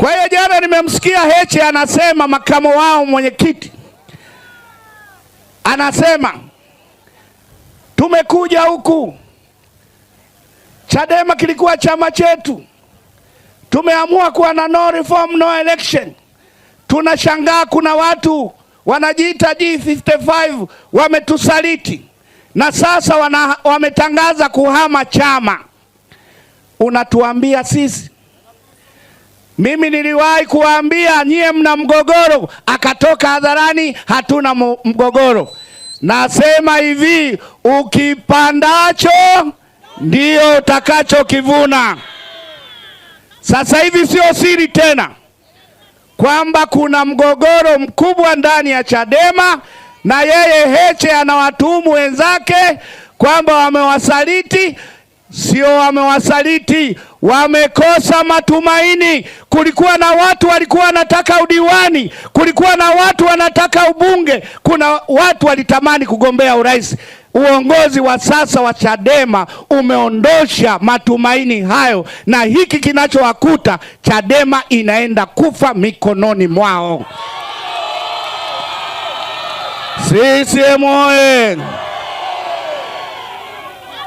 Kwa hiyo jana nimemsikia Heche anasema, makamo wao mwenyekiti anasema tumekuja huku, Chadema kilikuwa chama chetu, tumeamua kuwa na no reform no election. Tunashangaa kuna watu wanajiita G55 wametusaliti na sasa wana, wametangaza kuhama chama, unatuambia sisi mimi niliwahi kuambia nyie mna mgogoro, akatoka hadharani, hatuna mgogoro. Nasema hivi, ukipandacho ndio utakachokivuna. Sasa hivi sio siri tena kwamba kuna mgogoro mkubwa ndani ya Chadema na yeye Heche anawatuhumu wenzake kwamba wamewasaliti. Sio wamewasaliti, wamekosa matumaini. Kulikuwa na watu walikuwa wanataka udiwani, kulikuwa na watu wanataka ubunge, kuna watu walitamani kugombea urais. Uongozi wa sasa wa Chadema umeondosha matumaini hayo, na hiki kinachowakuta Chadema inaenda kufa mikononi mwao. CCM oye!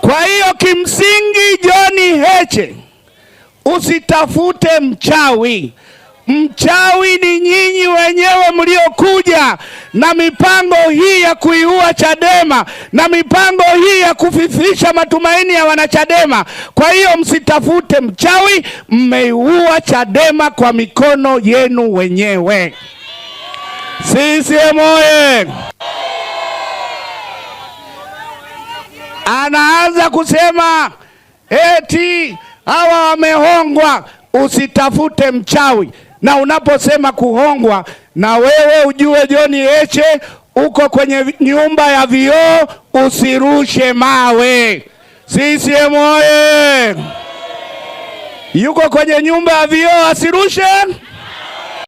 Kwa hiyo kimsingi John Heche Usitafute mchawi. Mchawi ni nyinyi wenyewe mliokuja na mipango hii ya kuiua Chadema na mipango hii ya kufifisha matumaini ya wanachadema. Kwa hiyo msitafute mchawi, mmeiua Chadema kwa mikono yenu wenyewe. CCM oye! Anaanza kusema eti hawa wamehongwa. Usitafute mchawi, na unaposema kuhongwa, na wewe ujue John Heche uko kwenye nyumba ya vioo, usirushe mawe. CCM oye! Yuko kwenye nyumba ya vioo, asirushe